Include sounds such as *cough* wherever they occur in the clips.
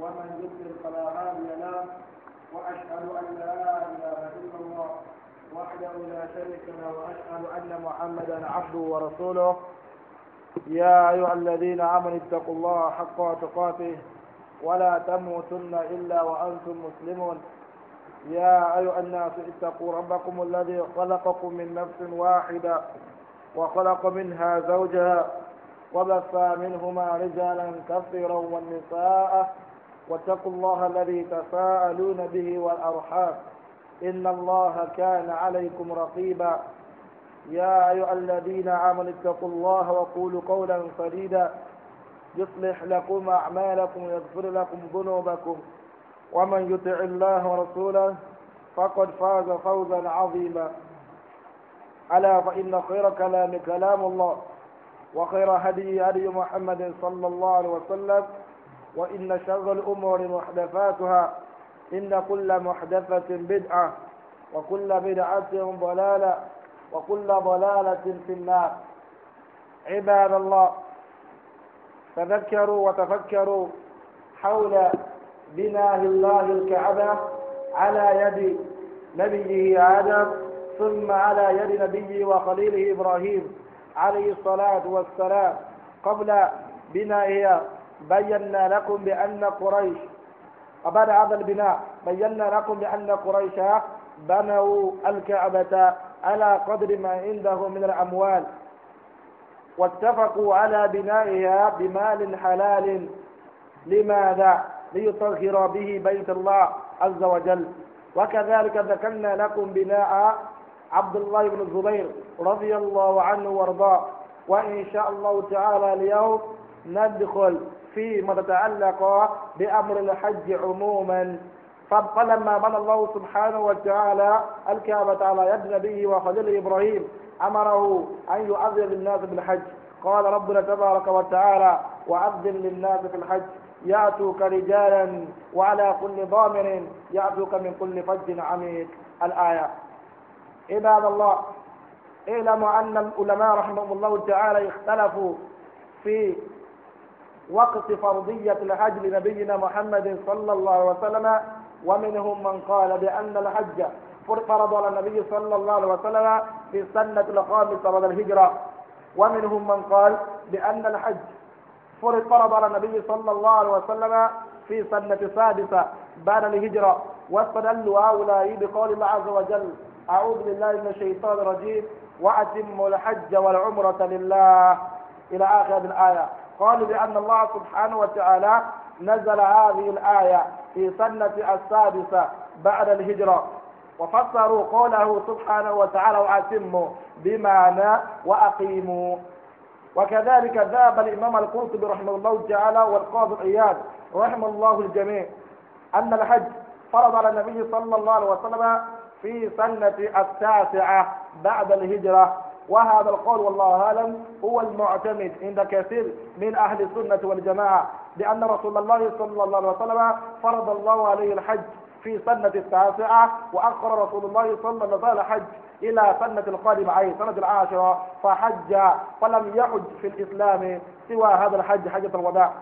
ومن يضلل فلا هادي له واشهد ان لا اله الا الله وحده لا شريك له واشهد ان محمدا عبده ورسوله يا ايها الذين امنوا اتقوا الله حق تقاته ولا تموتن الا وانتم مسلمون يا ايها الناس اتقوا ربكم الذي خلقكم من نفس واحده وخلق منها زوجها وبث منهما رجالا كثيرا ونساء واتقوا الله الذي تساءلون به والأرحام إن الله كان عليكم رقيبا يا أيها الذين آمنوا اتقوا الله وقولوا قولا سديدا يصلح لكم أعمالكم ويغفر لكم ذنوبكم ومن يطع الله ورسوله فقد فاز فوزا عظيما ألا فإن خير كلام كلام الله وخير هدي هدي محمد صلى الله عليه وسلم وإن شر الأمور محدثاتها إن كل محدثة بدعة وكل بدعة ضلالة وكل ضلالة في النار عباد الله تذكروا وتفكروا حول بناء الله الكعبة على يد نبيه آدم ثم على يد نبيه وخليله إبراهيم عليه الصلاة والسلام قبل بنائها بينا لكم بأن قريش وبعد هذا البناء بينا لكم بأن قريش بنوا الكعبة على قدر ما عندهم من الأموال واتفقوا على بنائها بمال حلال لماذا؟ ليطهر به بيت الله عز وجل وكذلك ذكرنا لكم بناء عبد الله بن الزبير رضي الله عنه وارضاه وإن شاء الله تعالى اليوم ندخل فيما تتعلق بأمر الحج عموما فلما بنى الله سبحانه وتعالى الكعبة على يد نبيه وخليل إبراهيم أمره أن يؤذن للناس بالحج قال ربنا تبارك وتعالى وأذن للناس في الحج يأتوك رجالا وعلى كل ضامر يأتوك من كل فج عميق الآية عباد الله اعلموا أن العلماء رحمهم الله تعالى اختلفوا في وقت فرضية الحج لنبينا محمد صلى الله عليه وسلم ومنهم من قال بأن الحج فرض على النبي صلى الله عليه وسلم في السنة الخامسة بعد الهجرة ومنهم من قال بأن الحج فرض على النبي صلى الله عليه وسلم في سنة السادسة بعد الهجرة واستدلوا هؤلاء بقول الله عز وجل أعوذ بالله من الشيطان الرجيم وأتموا الحج والعمرة لله إلى آخر الآية قالوا بأن الله سبحانه وتعالى نزل هذه الآية في سنة السادسة بعد الهجرة وفسروا قوله سبحانه وتعالى وأتموا بمعنى وأقيموا وكذلك ذهب الإمام القرطبي رحمه الله تعالى والقاضي عياد رحم الله الجميع أن الحج فرض على النبي صلى الله عليه وسلم في سنة التاسعة بعد الهجرة وهذا القول والله أعلم هو المعتمد عند كثير من أهل السنة والجماعة لأن رسول الله صلى الله عليه وسلم فرض الله عليه الحج في سنة التاسعة وأخر رسول الله صلى الله عليه وسلم الحج إلى سنة القادمة أي سنة العاشرة فحج فلم يحج في الإسلام سوى هذا الحج حجة الوداع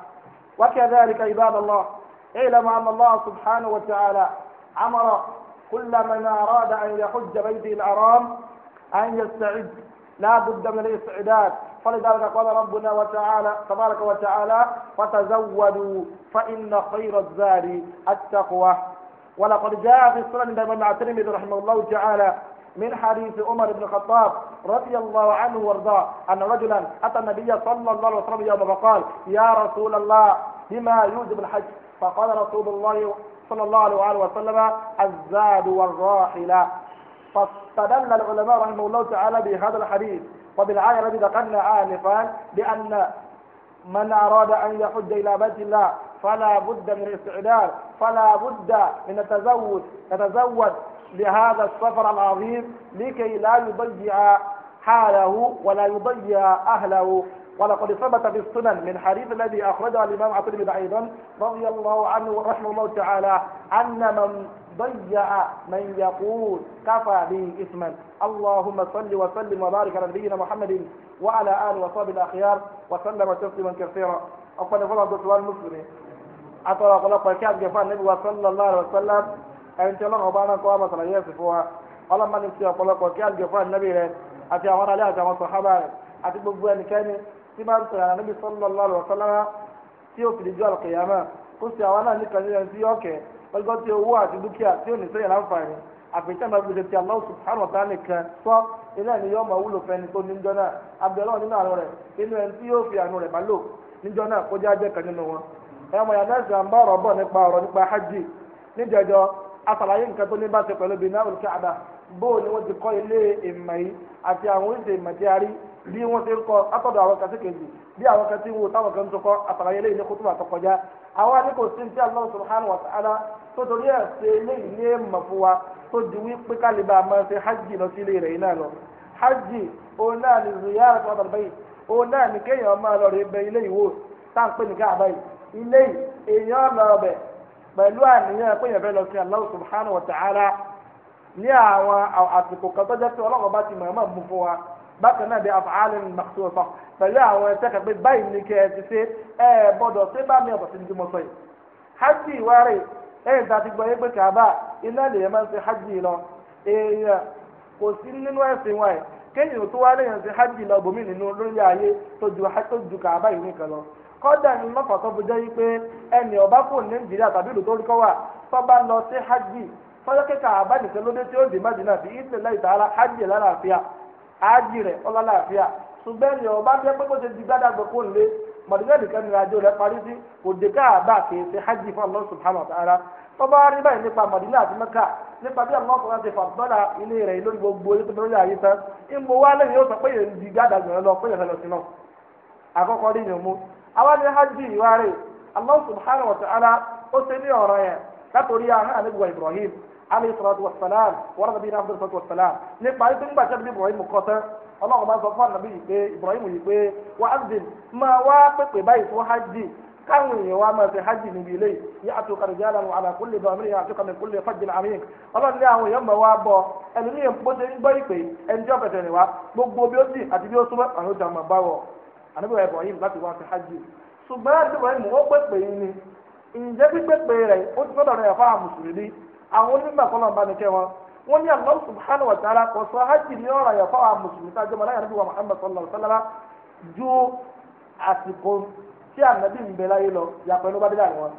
وكذلك عباد الله اعلم أن الله سبحانه وتعالى أمر كل من أراد أن يحج بيته الحرام أن يستعد لا بد من الاستعداد فلذلك قال ربنا وتعالى تبارك وتعالى فتزودوا فإن خير الزاد التقوى ولقد جاء في السنن الإمام الترمذي رحمه الله تعالى من حديث عمر بن الخطاب رضي الله عنه وارضاه أن رجلا أتى النبي صلى الله عليه وسلم يوم فقال يا رسول الله بما يوجب الحج فقال رسول الله صلى الله عليه وسلم الزاد والراحلة فاستدل العلماء رحمه الله تعالى بهذا الحديث وبالعاية الذي ذكرنا آنفا بأن من أراد أن يحج إلى بيت الله فلا بد من الاستعداد فلا بد من التزود يتزود لهذا السفر العظيم لكي لا يضيع حاله ولا يضيع أهله ولقد ثبت في السنن من حديث الذي أخرجه الإمام الترمذي أيضا رضي الله عنه ورحمه الله تعالى أن من ضيع من يقول كفى به إثما اللهم صل وسلم وبارك على نبينا محمد وعلى آله وصحبه الأخيار وسلم تسليما كثيرا أقول فرع دكتور المسلمين أترى أقول لك كيف جفا النبي صلى الله عليه وسلم أنت لن أبانا قوامة لا يصفها ọlọ́mọ ní sọ ọ̀pọ̀lọpọ̀ kí àgbẹ̀fọ́ ànábì rẹ àti àwọn alẹ́ àti àwọn sọ̀hábà rẹ àti gbogbo ẹnikẹ́ni tí máa ń sọ̀rọ̀ ànábì sallallahu alaihi wasallam tí ó fìdí ju àlùkìyàmà kó sì àwọn náà nípa lọ́gọ́ tí owó àti dúkìá tí ò ní sẹ́yìn láǹfààní àfihàn bá gbèsè tí Allah subhanahu wa ta'ala nìkan sọ ilé ẹni yóò máa wúlò fẹ́ni tó níjọ́ náà abẹ́rẹ́ nínú àánú rẹ̀ inú ẹni tí yóò fi àánú rẹ̀ bá lò níjọ́ náà kó jẹ́ ajẹ́ kan nínú wọn. ẹ mọ̀ yàrá ẹ̀sìn àmbá ọ̀rọ̀ bọ̀ nípa ọ̀rọ̀ nípa hajj nǹkan tó ní bá ṣe pẹ̀lú bíi náà ni wọ́n ti kọ́ ilé ìmọ̀ yìí àti àwọn oríṣi ìmọ̀ tí a bí wọn ti ń kọ atọ́dọ̀ àwọn kan sí kejì bí àwọn kan ti ń wo táwọn kan tó kọ́ àtàlàyé lẹ́yìn ní kótó àtọkọjá àwọn àdínkù sí ti Allah subhanahu wa ta'ala tó torí ẹ̀ ṣe lẹ́yìn ní èèmọ̀ fún wa tó di wípé kálíbà máa ṣe hajj lọ sí ilé rẹ̀ yìí náà lọ hajj òun náà ni ziyara tó wà báyìí òun náà kéèyàn máa lọ rè bẹ ilé ìwò táǹpẹ́ nìkan àbáyìí ilé èèyàn lọ pẹ̀lú àníyàn fẹ́ wa ta'ala ní àwọn àsìkò kan tó jẹ́ pé bákan náà bí afaali ní maksuwa fa pẹ̀lú àwọn ẹsẹ̀ kan pé báyìí ní kẹ́ ẹ ti ṣe ẹ bọ́dọ̀ ṣé bá mi ọ̀bọ̀ sí ní ti sọ yìí hajj ẹ̀yìn tá a ti gbọ́ yé pé kàbá iná lè yẹ máa ń ṣe hajj lọ èèyàn kò sí nínú kéèyàn tó wá ṣe hajj lọ bòmí nínú lórí ayé tó ju tó ju kàbá yìí nìkan lọ kọ́dà ní mọ́fà tó yí pé ẹnì ọba kò ní nàìjíríà tàbí ìlú tó rí ájì rẹ̀ ọlọ́láàfíà ṣùgbọ́n ni ọba jẹ́ pé kó ṣe di gbádàgbọ́ kó nle mọ̀lẹ́gbẹ́ nìkan ní àjò rẹ̀ parí sí kò káàbà kì hajj fún Allah subhanahu wa ta'ala tọ́ba rí báyìí nípa Mádínà àti Mẹ́kà nípa bí àwọn ọkùnrin ti fàbọ́là ilé rẹ̀ lórí gbogbo ilé tó lórí ààyè tán ń bo lẹ́yìn yóò sọ pé yẹn di lọ pé yẹn lọ sí náà alẹ́ ìsọ̀rọ̀dù wàsálàm wọ́n nàbí iná abdul sọ̀rọ̀dù wàsálàm nípa ayé tó ń gbà sẹ́ni bí ibrahim kọ́ tán ọlọ́run bá sọ fún ànàbí yìí pé ibrahim yìí pé wà á dì máa wá pèpè báyìí fún hajj káwọn èèyàn wá máa ṣe hajj níbi ilé yìí àtúkà rẹ̀ jáde àwọn àlàkùn lè dọ̀mí yìí àtúkà àwọn onímọ̀ kọ́lọ̀ ń bá ní kẹ́ wọn wọ́n ní subhanahu wa ta'ala kò sọ hajj ní ọ̀rọ̀ yẹn fáwọn mùsùlùmí tá a jẹ́ mọ̀láyà níbi wa sallallahu alayhi wa sallam ju àsìkò tí ànábì ń bẹ láyé lọ yàtọ̀ inú bá dé láàrin wọn.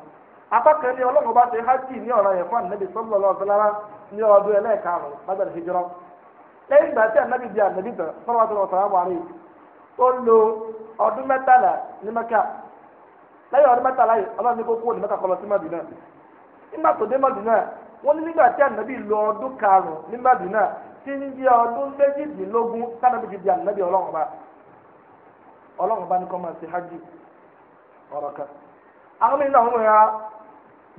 apákan ní ọlọ́run bá ṣe hajj ní ọ̀rọ̀ yẹn fún ànábì sallallahu alayhi wa sallam ní ọdún lẹ́yìn wọ́n ní nígbà tí ànábì lọ ọdún karùn-ún ní Mádínà tí ń di ọdún méjìdínlógún kánábì ti di ànábì ọlọ́run ọba ọlọ́run ọba ní kọ́ máa ṣe hajj ọ̀rọ̀ kan. àwọn mìíràn àwọn ọmọ ya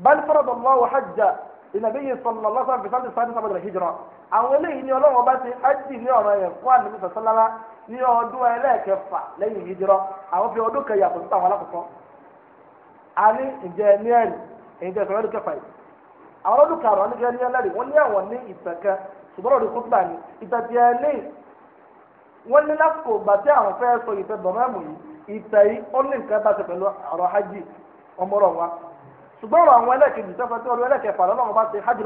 bal farada Allahu hajja ìnàbíyí sọlọ lọ́sàn fi sáńtì sáńtì sábàdàn hijra àwọn eléyìí ni ọlọ́run ọba ti hajj ní ọ̀rọ̀ yẹn fún ànábì sọ̀sọ́lára ní ọdún ẹlẹ́ẹ̀kẹfà lẹ́yìn hijra àwọn fi ọdún kẹyà kò sí àwọn alákọ̀ọ́kọ́. a ní ìjẹ́ ní ẹ̀rì ìjẹ́ sọ̀rọ̀ ẹ̀dùn kẹfà yìí àwọn ọdún karùn-ún àwọn gẹ́gẹ́ ní ẹlẹ́rìí wọ́n ní àwọn ní ìtànkẹ́ ṣùgbọ́n ọdún kúta ni ìtàkì ẹ̀ ní wọ́n ní lásìkò ìgbà tí àwọn fẹ́ sọ ìtẹ̀ dọ̀mẹ́mù yìí ìtẹ̀ yìí ó ní nǹkan bá ṣe pẹ̀lú ọ̀rọ̀ hajj ọmọọ̀rọ̀ wa ṣùgbọ́n ọ̀rọ̀ àwọn ẹlẹ́kejì sẹ́fẹ́ tí ọdún ẹlẹ́kẹfà bá ṣe hajj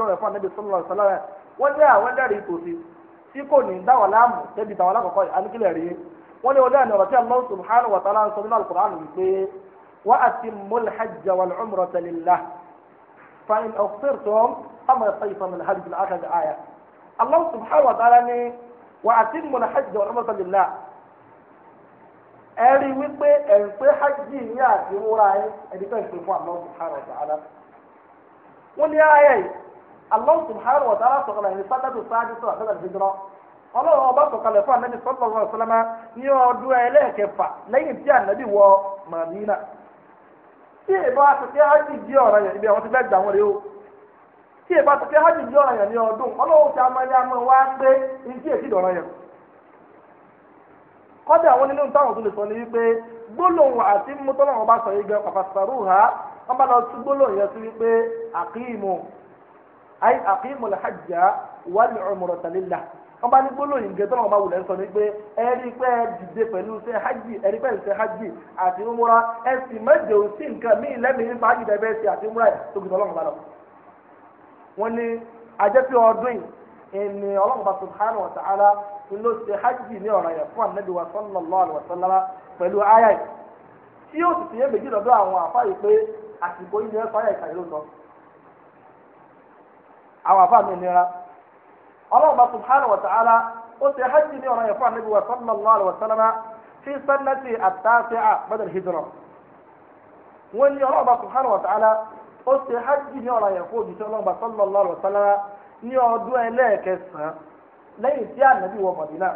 lọ́rẹ̀ fún فإن أغفرتم فما صيف من هذه العشر آية الله سبحانه وتعالى وأتموا الحج والعمرة لله ẹ̀rí wípé ẹ̀ǹpẹ́ hajj ní àti wúra ẹ̀ ẹ̀dígbà ìpè fún Allah subhanahu wa ta'ala. wọ́n ní ayé yìí Allah subhanahu wa ta'ala sọ̀kalẹ̀ ní sádàdù sáájú tó àtàlà ìdíjọ́ ọlọ́run ọba sọ̀kalẹ̀ fún anabi sallallahu alaihi wasallam ní ọdún ẹlẹ́ẹ̀kẹfà lẹ́yìn tí anabi wọ Madina. tí ìbá a hajj ha ọ̀rọ̀ yẹn níbi àwọn ti bẹ́ẹ̀ gbà wọn rè o tí ìbá àtúnṣe hajj di ọ̀rọ̀ yẹn ní ọdún ọlọ́wọ́ ti amáyé amọ̀ wá pé ní tí èsì dọ̀rọ̀ yẹn. kọ́dà àwọn nínú táwọn tó lè sọ ni wípé gbólóhùn àti mọ́tọ́lá wọn bá sọ yìí gan pàpàṣàrù ha wọ́n bá lọ sí gbólóhùn yẹn sí wípé lè wọ́n bá ní gbólóyìn gẹ́gẹ́ tọ́lọ́wọ́n bá wulẹ̀ sọ ni pé ẹ̀rí pẹ́ dìde pẹ̀lú ṣe hajj ẹ̀rí pẹ́ ṣe hajj àti múra ẹ sì mẹ́jọ sí nǹkan míì lẹ́mìí nípa hajj tẹ́ bẹ́ẹ̀ ṣe àti múra ẹ̀ tó gbìyànjú ọlọ́run bá lọ. wọ́n ní ajẹ́pẹ́ ọdún ìní ọlọ́run bá subhanahu wa ta'ala ló ṣe hajj ní ọ̀rọ̀ yẹn fún anabi wa sallallahu alaihi wa sallam pẹ̀lú aya yìí tí yóò sì tìyẹ́ méjì lọ́dọ̀ àwọn àfáàyè pé àsìkò yìí ló sọ ọlọ́ọ̀bá subhanahu wa ta'ala ó ṣe hajj ní ọ̀nà ẹ̀fọ́ ànábi wa sallallahu alayhi wa sallama fi sannati at-tasi'a ba'da al-hijra wọ́n ní ọlọ́ọ̀bá subhanahu wa ta'ala ó ṣe hajj ní ọ̀nà ẹ̀fọ́ òjijì ọlọ́ọ̀bá sallallahu alayhi wa sallama ní ọdún ẹlẹ́ẹ̀kẹsàn-án lẹ́yìn tí ànábi wọ Mọ̀dínà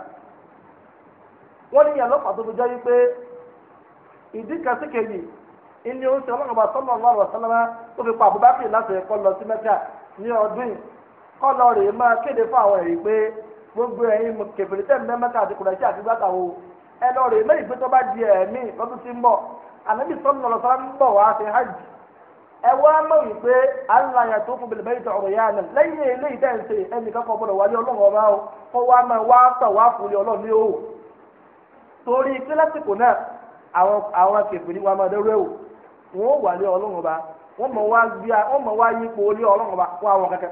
wọ́n ní yàrá pàtó fi jẹ́ wípé ìdí kan sí kejì ilé oúnjẹ ọlọ́ọ̀bá sallallahu alayhi wa sallama ó fi pa Abubakar láti ẹ̀kọ́ lọ sí Mẹ́kà ní ọdún yìí kọlọ rèé máa kéde fún àwọn ẹ̀rí pé gbogbo ẹ̀yin kẹfìrí tẹ̀mí mẹ́ta àti a àti gbàtà wo ẹ lọ rèé mẹ́rin pé tó bá di ẹ̀mí lọ́dún tí ń bọ̀ ànábì sọ́nù lọ́sọ́rọ́ ń bọ̀ wá sí hajj ẹ wá mọ̀ wípé aláya tó fún bẹ̀rẹ̀ bẹ́ẹ̀ ọ̀rọ̀ yá lẹ́yìn eléyìí tẹ̀ ń ṣe ẹnì kan kọ́ gbọ́dọ̀ wálé ọlọ́run ọba o kó wá wá wá pé mọ̀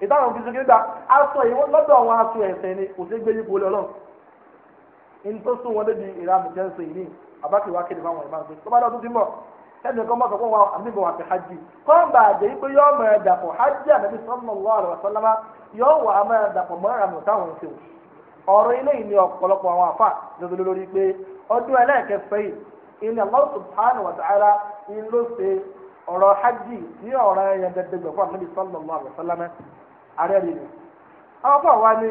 ìtàwọn fi sókè gị aṣọ yìí lọ́dọ̀ àwọn aṣọ ẹ̀sẹ̀ ni kò sí gbé yípo lọ́lọ́ ní tó sún wọn débi ìranù jẹ́ nsọ yìí àbákè wá kéde fáwọn ìmáà tó bá dọ̀tún ti mọ̀ ẹnì kan mọ̀sán fún wa àmìbọ̀ wà hajj a jẹ́ pé yọ́ mọ̀ ẹ̀ dàpọ̀ hajj alaihi àwọn àfà lọ́dọ̀ lórí ààrẹ ni àwọn fún àwa ni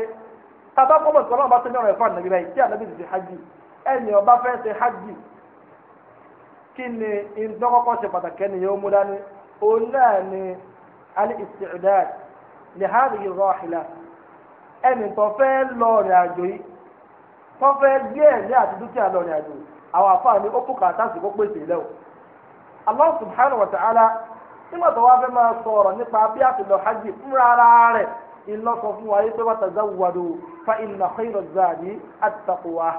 tàbá kọ́mọ̀ tí ọlọ́run bá ọ̀rọ̀ ẹ̀fọ́ ànàbí báyìí tí ànàbí ẹni ọba fẹ́ ṣe hajj kí ni ṣe pàtàkì ẹni mú dání òun náà ni al-isti'dad li hadhihi ar ẹni tó fẹ́ lọ nígbà tó wá fẹ́ máa sọ ọ̀rọ̀ nípa bí àtìlọ hajj fúnra ara rẹ̀ ìlọ́sọ fún wa yìí pé wàtà záwùwàdò fa inna khayra zadi at-taqwa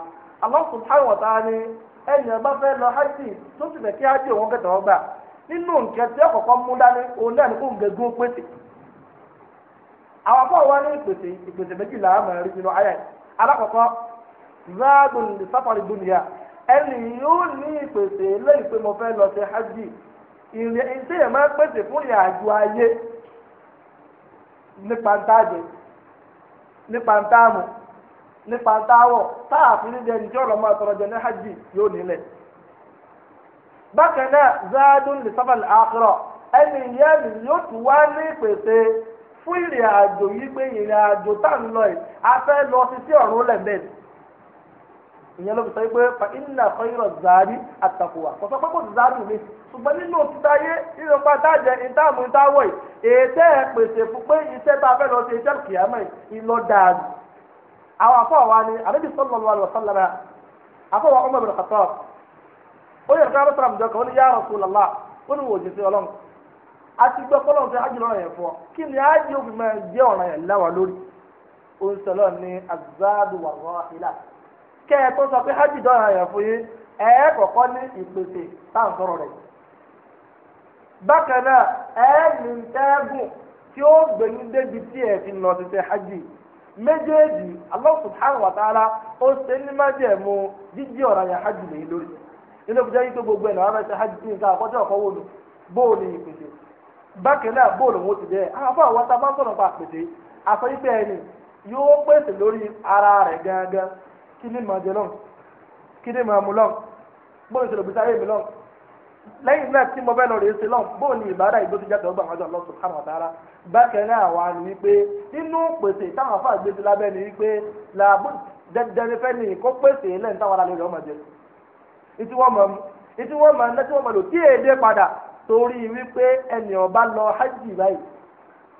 Allah subhanahu wa ta'ala ni ẹnì ọba fẹ́ lọ hajj tó sì fẹ́ kí hajj òun kẹtọ̀ ọgbà nínú nǹkan tí ọkọ̀ọ̀kan mú dání òun náà ní kó nǹkan gún pèsè àwọn afọ wa ní ìpèsè ìpèsè méjìlá àmọ́ ẹ̀rí nínú ayé alákọ̀ọ́kọ́ záàdùn lè sáfàrí dunya yóò ní ìpèsè lẹ́yìn pé mo fẹ́ lọ sí hajj ìrìn tí èèyàn máa ń pèsè fún ìrìn àjò ayé nípa ntáàjẹ nípa ntáàmù nípa ntáàwọ̀ táàfin ní ẹni tí ọ̀rọ̀ máa jẹ ní hajj yóò nílẹ̀. bákan náà zaadun lè sábà àkúrọ̀ ẹni ìyá mi yóò tún wá ní ìpèsè fún ìrìn àjò yìí pé ìrìn àjò tá à ìyẹn ló fi sọ pé fa iná kọ́yìnrọ̀ zaari àtàkùwà kò sọ pé kò zaari mi ṣùgbọ́n nínú òtítà yé nínú pa dájẹ ìtààmú ìtàwọ̀ yìí ètè pèsè fún pé iṣẹ́ tá fẹ́ lọ sí iṣẹ́ kìámẹ́ ìlọ dàrú. àwọn afọ ni àbẹ́bí sallallahu alaihi wasallam afọ wa Umar bin Khattab ó yẹ ká rẹ́sọ̀rọ̀ àmì jọkọ̀ ó ní ya Rasulullah ó ní wò ó ọlọ́run àti gbọ́ kọ́lọ́run kẹ́ e sọ pé hajj dọ́ra yẹn fún yín ẹ kọ̀kọ́ ní ìpèsè tá à ń sọ̀rọ̀ rẹ̀. bákan náà ẹ ní tí ó gbẹ̀yìn débi tí ẹ fi nà ṣiṣẹ́ hajj méjèèjì Allah subhanahu wa ó ṣe ní májẹ̀mú jíjí ọ̀rọ̀ yẹn hajj lè lórí nínú ìfúnjẹ́ yìí tó gbogbo ẹ̀ náà wọ́n fẹ́ ṣe hajj ní nǹkan àkọ́jọ́ ọ̀kọ́ wò a ni Kini ni màá jẹ lọ kí ni màá mu lọ bóyá ìṣòro gbèsè ayé mi lọ lẹ́yìn náà tí mo fẹ́ lọ rèé ṣe lọ bóyá ní ìbára ìgbésí jáde ọgbà àwọn ọjọ́ subhanahu wa ta'ala bákan náà wà ní wípé nínú pèsè táwọn afá gbèsè lábẹ́ ni wípé làbú dẹdẹrẹ fẹ́ ni kó pèsè lẹ́yìn táwọn alẹ́ rẹ̀ ọmọ jẹ ìtí wọ́n mọ̀ ìtí wọ́n mọ̀ ẹ̀ tí wọ́n mọ̀ lò tí èdè padà torí wípé ẹnì ọba lọ hajj báyìí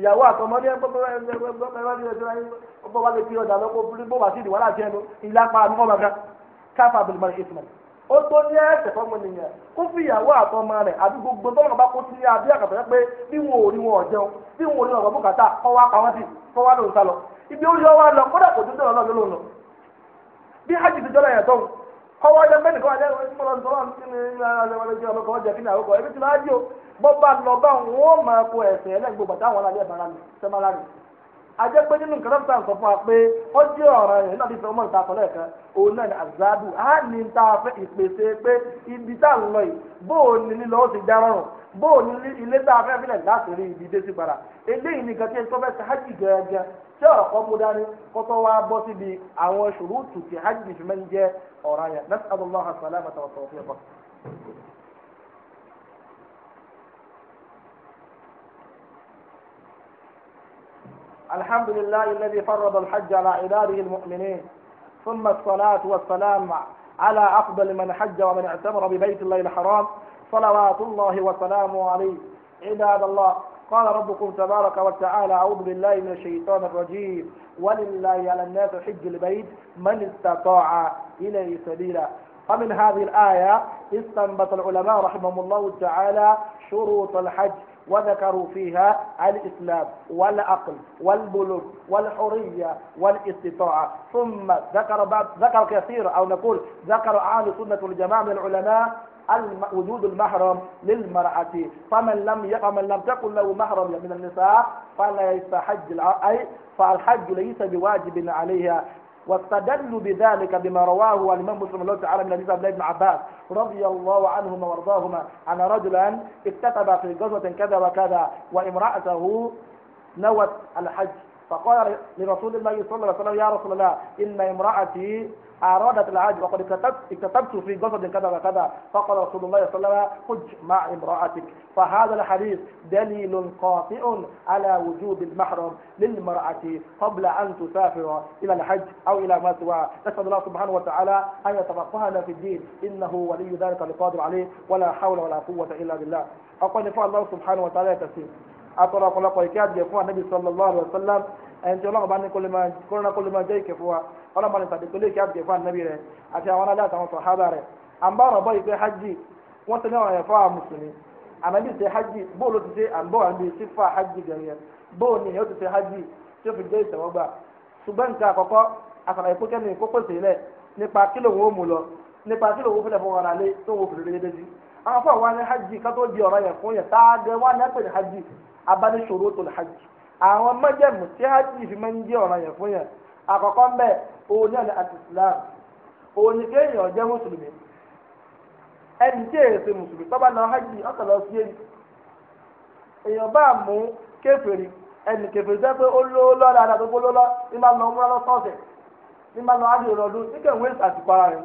ìyàwó àtọmọdé gbọ́dọ̀ wá lè fi ọjà lọ́kọ́ bó wá sí ìdìwọ́ láti ẹnu ìlápá àbúkọ́ màkà káfà abdulmar ismail ó tó ní ẹsẹ̀ fọmọ nìyẹn kó fi ìyàwó àtọmọ rẹ̀ àbí gbogbo tọ́lọ̀ bá kó sí abí àkàtà pé bí wọn ò rí wọn ọ̀jẹun bí wọn ò rí ọ̀rọ̀ bùkátà kọ́ wá pa wọ́n ibi ó yọ wá lọ kọ́wọ́ ẹgbẹ́ mẹ́rin kọ́ ẹgbẹ́ mọ́lá ntọ́lá nkíni ẹgbẹ́ ọlọ́kọ́ ọjà kíni àwòkọ́ ẹgbẹ́ tí wọ́n á jẹ́ o bọ́ wọn máa kó ẹ̀sẹ̀ ẹlẹ́gbẹ̀ẹ́ bàtà wọn alẹ́ bàrà mi mi. a pé nínú nǹkan sọ fún wa pé ọ̀ràn yẹn náà ni ní ta fẹ́ ìpèsè pé ibi tá à ń lọ yìí bóò ní ó ti rọrùn a fẹ́ fílẹ̀ láti rí ibi dé sí padà eléyìí nìkan tí ẹni tó fẹ́ ṣe hajj gẹ́gẹ́ tí ọ̀rọ̀ kan mú dání kó tó wá bọ́ síbi àwọn ṣùrùtù tí hajj fi máa ń jẹ́ ọ̀rọ̀ yẹn nas'alullaha salamata wa tawfiqa. الحمد لله الذي فرض الحج على عباده المؤمنين ثم الصلاة والسلام على أفضل من حج ومن اعتمر ببيت الله الحرام صلوات الله وسلامه عليه عباد الله قال ربكم تبارك وتعالى أعوذ بالله من الشيطان الرجيم ولله على الناس حج البيت من استطاع إليه سبيلا فمن هذه الآية استنبط العلماء رحمهم الله تعالى شروط الحج وذكروا فيها الإسلام والعقل والبلوغ والحرية والاستطاعة ثم ذكر بعض ذكر كثير أو نقول ذكر أهل سنة الجماعة من العلماء وجود المحرم للمرأة فمن لم فمن لم تكن له محرم من النساء فلا يستحج أي فالحج ليس بواجب عليها واستدلوا بذلك بما رواه الإمام مسلم الله تعالى من حديث عبد بن عباس رضي الله عنهما وارضاهما عن رجلا اكتتب في غزوة كذا وكذا وامرأته نوت الحج فقال لرسول الله صلى الله عليه وسلم يا رسول الله إن امرأتي أرادت العاج وقد كتبت في قصد كذا وكذا فقال رسول الله صلى الله عليه وسلم حج مع امرأتك فهذا الحديث دليل قاطع على وجود المحرم للمرأة قبل أن تسافر إلى الحج أو إلى ما سواه نسأل الله سبحانه وتعالى أن يتفقهنا في الدين إنه ولي ذلك القادر عليه ولا حول ولا قوة إلا بالله أقول نفع الله سبحانه وتعالى تسير atọrọ ọ̀pọ̀lọpọ̀ ìkẹ́ àdìyẹ fún anabi sallallahu alayhi wa sallam ẹni tí ọlọ́run bá ní kólóná kólóná jẹ́ ìkẹ́ fún wa ọlọ́run bá ní sàdékólé ìkẹ́ àdìyẹ fún anabi rẹ̀ àti àwọn alẹ́ àtàwọn sọ̀hábà rẹ̀ à ń bá ọ̀rọ̀ hajj wọ́n ti ní ọ̀rọ̀ yẹn àwọn mùsùlùmí anabi ṣe hajj bó ló ti ṣe à ń bọ̀ àbí hajj gẹ̀rẹ́ bó ni yóò ti ṣe hajj tí ó fi jẹ́ ìtẹ̀wọ́gbà ṣùgbọ́n nǹkan àkọ́kọ́ àṣàlàyé pé kókó afọ àwọn hajj kátó di ọ̀rọ̀ yẹn fún yẹn táàgé wọn náà pè ní hajj abánisòro tó ní fi di ọ̀rọ̀ ya fún yẹn àkọ́kọ́ mbẹ́ òun náà ní islam òun ní kéèyàn jẹ́ mùsùlùmí ẹni tí èsì mùsùlùmí tọ́ba náà hajj ọ̀sán lọ sí èyí èèyàn bá mú kéferì ẹnì kẹfẹ jẹ pé ó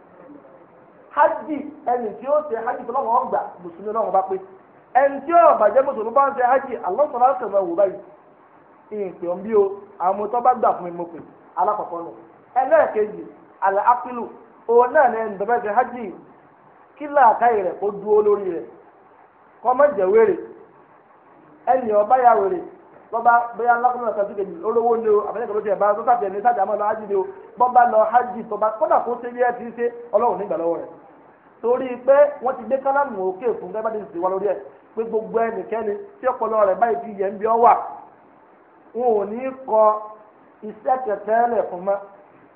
hajj ẹni tí ó ṣe hajj tó lọ́wọ́ ọgbà mùsùlùmí náà bá pé ẹni tí ó bàjẹ́ mùsùlùmí bá ń ṣe hajj alọ́sọ̀rọ̀ àtẹ̀wọ̀ wò báyìí o tó bá gbà fún mi mo pè alákọ̀ọ́kọ́ ẹlẹ́ẹ̀kejì òun náà ẹni ṣe kí làákàyè rẹ̀ kó dúró lórí rẹ̀ kọ́ mọ́ jẹ́ ẹni ọba ya wèrè lọ́ba bóyá ọ̀sán tó kejì olówó ni o àbẹ́lẹ́kọ̀ ló ti ní lọ hajj ni o bọ́ba lọ hajj tó torí pé wọ́n ti gbé kálámù òkè fún gẹ́gẹ́ bá ti sì wá lórí ẹ̀ pé gbogbo ẹnikẹ́ni tí ọpọlọ rẹ̀ báyìí ti yẹ ń bí ọ wà wọn ò ní kọ iṣẹ́ kẹ̀kẹ́ rẹ̀ fún mọ́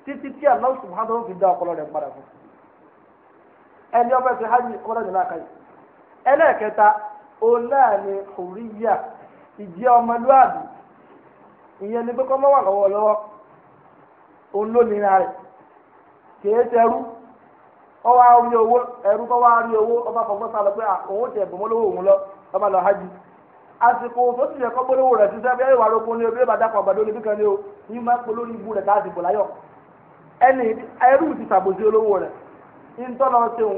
títí tí Allah subhanahu fi dá ọpọlọ rẹ̀ padà fún ẹni ti ẹlẹ́ẹ̀kẹta ìyẹn ni pé kọ́ mọ́ wà lọ́wọ́lọ́wọ́ ọwọ́ àrí owó ẹ̀rú kọ́ wá rí owó ọba fọgbọ́n sálọ pé òun ti ẹ̀bùn mọ́lówó òun lọ ọba lọ hajj àsìkò tó ti yẹ kọ́ gbólóhùn rẹ̀ sísẹ́ bí ẹ̀rọ arógun ni obìnrin bá dákọ̀ àgbàdo níbí kan ni o yìí máa ń polo ní ibu rẹ̀ láyọ̀ ẹni ẹrú rẹ̀ ìtọ́nà ṣeun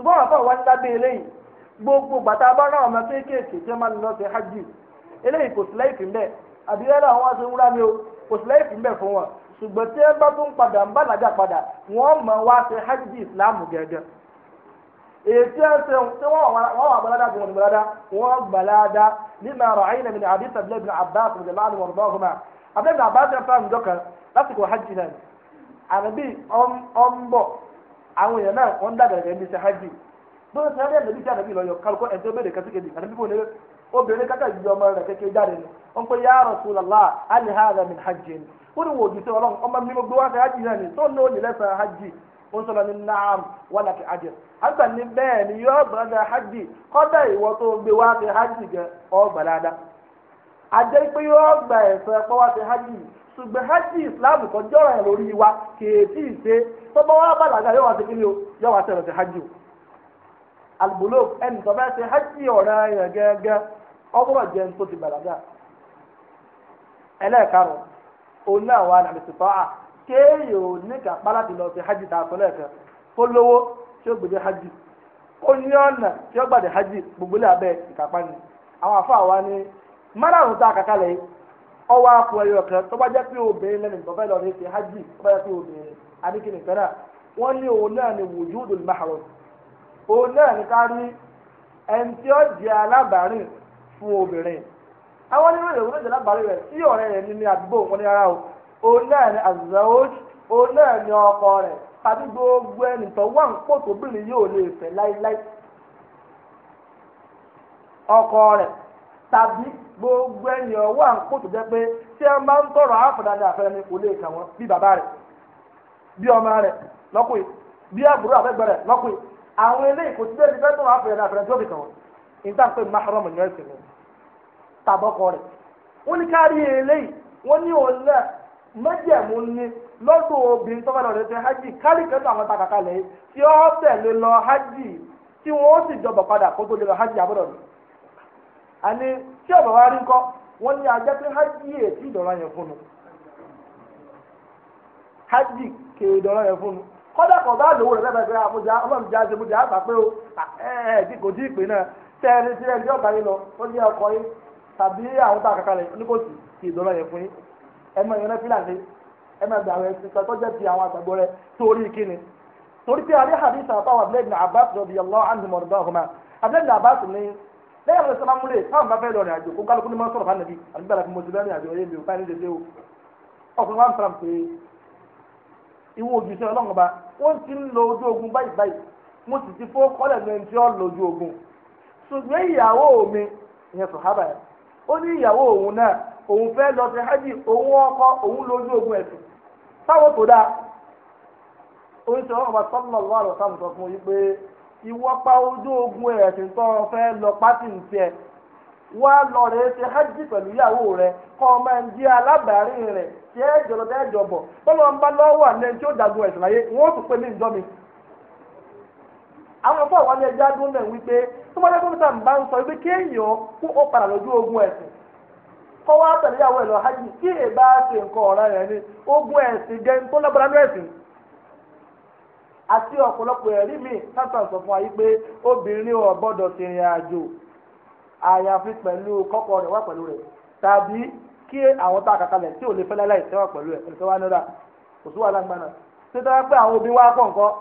ṣùgbọ́n àfa wa ń dábẹ́ eléyìí gbogbo gbàtà bá rán ọmọ kéékèèké tí wọ́n máa ń lọ sí hajj eléyìí kò sí láìpì ń bẹ̀ àbílẹ̀ àwọn aṣọ ńlá o kò padà ń bá padà wọ́n mọ̀ wá sí hajj islam gẹ́gẹ́ èyí tí wọ́n ṣe tí wọ́n wà wọ́n bin abbas bin bin abbas yẹn fún àwọn ìjọ kan lásìkò hajj náà àbí àwọn èèyàn náà wọ́n dàgàdàgà ẹni ṣe hajj bóyá sáré ànábì jáde bí lọ́yọ̀ kálukọ́ ẹ̀ tó bẹ̀rẹ̀ kásìkè dì ànábì bòlẹ́ obìnrin kàkà yí ọmọ rẹ̀ kékeré jáde ni wọ́n pe ya Rasulullah ali hada min hajji ni ó ní wò ó jùsọ ọlọ́run ọmọ mi gbogbo wá fẹ́ hajj náà ni tó ní òní lẹ́sàn hajj ó ń sọ̀rọ̀ ní naam àgbà ní bẹ́ẹ̀ ni yóò bẹ̀rẹ̀ hajj kọ́dà ìwọ tó gbé wá gẹ ọgbà àjẹ́ pé ẹ̀sẹ̀ ṣùgbọ́n hajj islam kò jọra yẹn wa kéètì ṣe tọ́gbọ́n wa bàlágà yóò wá sí kíni o yóò wá sí hajj o albulog ẹnì tó bá ṣe hajj ọ̀rẹ́ yẹn gẹ́gẹ́ ọgbọ́n jẹ́ tó ti bàlágà ẹlẹ́ẹ̀karùn òun náà wà ò ní ká pálá ti lọ sí hajj tá a sọ lẹ́ẹ̀kan kó lówó tí ó gbèdé hajj kó ní ọ̀nà tí ó hajj gbogbo ilé abẹ́ ni àwọn àfọ ọwọ́ àpò ẹyọ kan tó bá jẹ́ pé obìnrin lẹ́nu tó fẹ́ lọ rí ti hajj tó bá jẹ́ pé obìnrin àdìkì nìkan náà wọ́n ní òun náà ni wujudul mahram òun náà ní ká rí ẹni tí ó jẹ́ alábàárìn fún obìnrin àwọn oníròyìn òun náà jẹ́ alábàárìn rẹ̀ tí ọ̀rẹ́ rẹ̀ ní ní àdúgbò wọn ní rárá o òun náà ni azawj òun náà ni ọkọ rẹ̀ tàbí gbogbo ẹni tó wà ń pò tóbìnrin yóò lè fẹ́ láíláí ọkọ rẹ̀ tàbí gbogbo ẹni wà ń kó tó jẹ́ pé tí a máa ń tọrọ ni kò lè kà wọ́n bí bàbá rẹ̀ bí ọmọ rẹ̀ lọ́kùnrin bí àbúrò rẹ̀ lọ́kùnrin àwọn eléyìí kò tọrọ àfọ̀dáni àfẹ́rẹ́ tó lè kà wọ́n níta pé mahram ni ẹ̀sìn mi tàbọ́kọ rẹ̀ wọ́n ní kárí eléyìí wọ́n ní òun náà mẹ́jẹ̀mú ni lọ́dọ̀ obìnrin tó bá lọ hajj kárí kẹ́tọ́ àwọn lẹ́yìn tí hajj tí àní tí ọ̀bà wa rí ńkọ́ wọ́n ní ajá pé hajj yìí ti dọ̀rọ̀ yẹn fún un hajj kèé dọ̀rọ̀ yẹn fún un kọ́dà kan bá rẹ̀ lẹ́bàá ìgbéra àmújá ọlọ́run ṣe mújá àgbà pé ó ẹ̀ẹ́dì kò tí ì pè ọkọ tàbí àwọn tá a kàkà lẹ̀ ní kò sí yẹn fún yín ẹ mọ ẹ mọ ìgbà rẹ ti àwọn àgbàgbọ́ rẹ torí kíni torí pé alẹ́ hadith àbáwọ̀ abdulayi bin abbas radiyallahu anhu bẹ́ẹ̀ lọ sábà múlẹ̀ táwọn bá fẹ́ lọ rìn àjò kó kálukú ní máa sọ̀rọ̀ fún ànàbí àti bẹ́ẹ̀ láti mo ti bẹ́ẹ̀ rìn àjò ọyẹ́ mi ò fáyín dédé o ọkùnrin wa ń fara pé ìwọ òjìṣẹ́ ọlọ́run ọba wọ́n ti ń lo ojú ogun báyìí báyìí mo sì ti fó kọ́lẹ̀ ní ẹni tí ó lo ojú ogun ṣùgbọ́n ìyàwó mi ìyẹn sọ̀hábà yẹn ó ní ìyàwó òun náà òun fẹ́ lọ sí hajj òun ọkọ òun lo ojú ogun ẹ̀sìn táwọn tó dáa oníṣẹ́ ọlọ́run ọba sọ́nà lọ́wọ́ àlọ́ sáà ìwọ́pá ojú ogun ẹ̀sìn tó o fẹ́ lọ pátì ń tiẹ̀ wá lọ ji ṣe hajj pẹ̀lú ìyàwó rẹ kọ́ ọ máa ń jẹ́ alábàárín rẹ̀ ṣé é jọ̀rọ̀ tẹ́ jọ̀bọ̀ bọ́lá ń bá lọ́wọ́ àlẹ́ tí ó dàgbọ́ ẹ̀sìn láyé wọ́n tún ní ìjọ mi. àwọn fún wa ilé ẹja dún náà wípé tó máa ń gbọ́dọ̀ bá ń sọ wípé kéèyàn kó o padà lójú ogun ẹ̀sìn kọ́ wá ìyàwó ẹ̀ lọ àti ọ̀pọ̀lọpọ̀ ẹ̀rí mi sátán sọ fún wa yìí pé obìnrin ò gbọ́dọ̀ ṣèrìn àjò àyàfi pẹ̀lú kọ́kọ rẹ̀ wá pẹ̀lú rẹ̀ tàbí kí àwọn tá a kàkalẹ̀ tí ò lè fẹ́ láláì tẹ́wọ̀ pẹ̀lú ẹ̀ ẹ̀ṣẹ̀ wa nílá kò sí wàhálà gbaná ṣé tẹ́wọ́ pé àwọn obìnrin wa pọ̀ nǹkan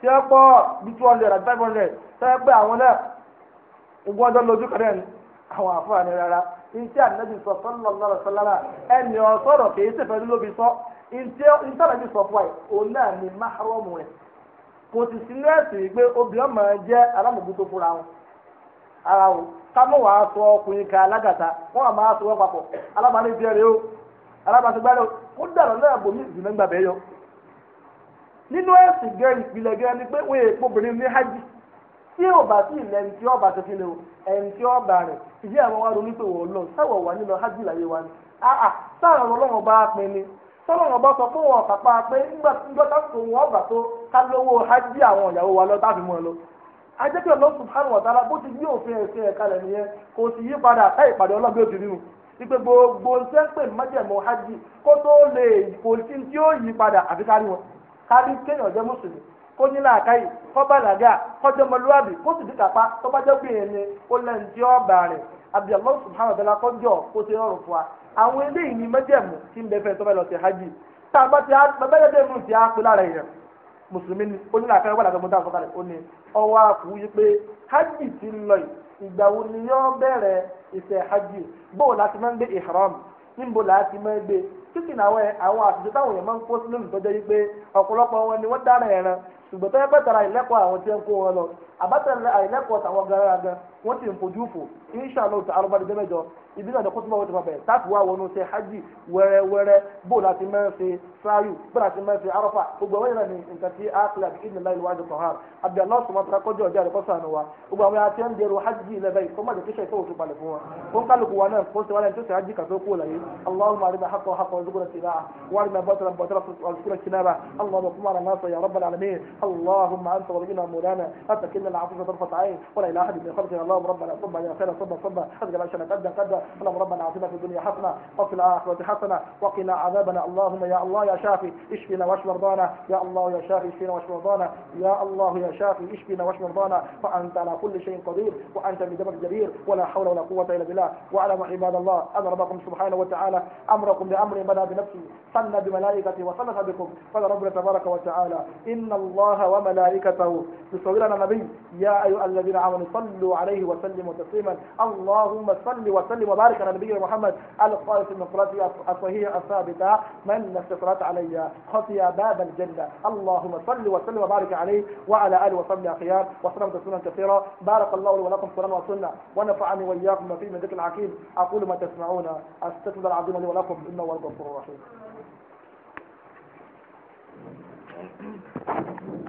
tí wọ́n pọ̀ bí two hundred àti five hundred tẹ́wọ́ pé àwọn náà ogun ọjọ́ lójú kan náà àwọn àfọwà ní rárá ntí ànábì sọ sọlọlọrọ sọlára ẹnì ọ̀sọ̀rọ̀ kì í ṣèfẹ́ lóbi sọ ntí ànábì sọ fún wa kò sì sínú ẹ̀sìn wípé obìnrin rẹ jẹ́ alámòbútó fúnra wọn ara wọn kámọ́ wàá sọ ọkùnrin kan alágàtà wọn àmọ́ aṣọ wọn papọ̀ o alábàáni gbá rẹ o kó dàrọ̀ náà bòmí ìdùnnú gbàgbẹ́ yọ nínú ẹ̀sìn gẹ ìpìlẹ̀ gẹ ni pé wọ́n èèpo obìnrin ní hajj o ẹ̀ntí ọba rẹ̀ ìdí àwọn wa ronú pé wọ́n lọ sáwọ̀ wà nínú hajj wa ni tọ́lọ́wọ́n bá sọ fún wọn pàpà pé nígbà tó wọn ọgbà tó ká lówó hajj àwọn ìyàwó wa lọ táfi mọ́ ẹ lọ. ajẹ́ kí ọlọ́run subhanahu wa ta'ala bó ti gbé òfin ẹ̀sìn ẹ̀ka rẹ̀ nìyẹn kò sì yí padà ká ìpàdé ọlọ́gbẹ́ òtún nínú. ìpè gbogbo ṣẹ́ ń pè májẹ̀mọ́ hajj kó tó lè kò sí tí ó yí padà àfi kárí wọn kárí kéèyàn jẹ́ mùsùlùmí kó ní làákàyè kó bàlágà kó jẹ́ ọmọlúwàbí kó sì dìkà tó bá jẹ́ gbìyànjú ó lẹ́nu tí ó bàárẹ̀ àbí Allah subhanahu wa ta'ala kó jọ kó ti rọrùn fún wa àwọn eléyìí ni mẹ́jẹ̀mú tí ń bẹ fẹ́ tó fẹ́ lọ sí hajj tá a bá ti bẹ́ẹ̀ dé mú ti á pé lára èèyàn mùsùlùmí ni ó ní àkàrà wà lágbàmọ́tà àfọ́kàlẹ̀ ó ní ọwọ́ àkú yí pé hajj ti ń lọ ìgbà wo ni yóò bẹ̀rẹ̀ iṣẹ́ hajj bóò láti máa ń gbé ihram níbo láti máa ń gbé títí náà àwọn àtijọ́ táwọn èèyàn máa ń kó sínú ìtọ́jọ́ yí pé ọ̀pọ̀lọpọ̀ wọn ni wọ́n dára ẹ̀ràn ṣùgbọ́n tó yẹ pẹ́ tara ìlẹ́kọ̀ọ́ àwọn tí wọ́n kó wọn lọ àbátẹ̀lẹ̀ àìlẹ́kọ̀ọ́ tàwọn garaga wọ́n ti ń fojú fò inṣàlọ́ ta arúgbárí dẹ́mẹ́jọ ibi náà ni kó túbọ̀ wọ́n ti bàbẹ̀ táàpù wà wọnú ṣe hajj wẹ́rẹ́wẹ́rẹ́ bó láti máa ń ṣe sáyù bó láti máa ń ṣe arọ́fà gbogbo àwọn ìlànà nǹkan tí àkìlà bí ìdílé láì wájú kan hàn àbí aláṣọ máa ta kọjọ ọjà àdìkọ́ sànù wa gbogbo àwọn àti ẹni dẹrù hajj ilẹ̀ bẹ́ẹ̀ kó má jẹ́ kíṣẹ́ ìṣòwò tó balẹ̀ fún wa kó ń kálukú wa náà kó ń ṣe wálé tó ṣe hajj kàtó kó láyé اللهم ارنا حقا حقا وارزقنا اتباعه وارنا باطلا باطلا وارزقنا اجتنابه الناس يا رب العالمين اللهم انت ولينا مولانا اتكلنا العظيم عطيك طرفة عين ولا إلى أحد من خلقنا اللهم ربنا صب يا خير صب صب خذك العشرة قد قد اللهم ربنا عظيم في الدنيا حسنة وفي الآخرة حسنة وقنا عذابنا اللهم يا الله يا شافي اشفنا واشف مرضانا يا الله يا شافي اشفنا واشف مرضانا يا الله يا شافي اشفنا واشف مرضانا فأنت على كل شيء قدير وأنت بدمك جبير ولا حول ولا قوة إلا بالله واعلموا عباد الله أن ربكم سبحانه وتعالى أمركم بأمر بدأ بنفسه صلى بملائكته وصلى بكم قال ربنا تبارك وتعالى إن الله وملائكته يصورنا النبي يا أيها الذين آمنوا صلوا عليه وسلموا تسليما اللهم صل وسلم وبارك على نبينا محمد الخالص في صلاته الصحيحة الثابتة من استطرت علي خطي باب الجنة اللهم صل وسلم وبارك عليه وعلى آله وصحبه أخيار وسلم تسليما كثيرا بارك الله لي ولكم قرآن وسنة ونفعني وإياكم فيه من ذكر الحكيم أقول ما تسمعون أستغفر العظيم لي ولكم إنه هو الغفور الرحيم Thank *clears throat* you.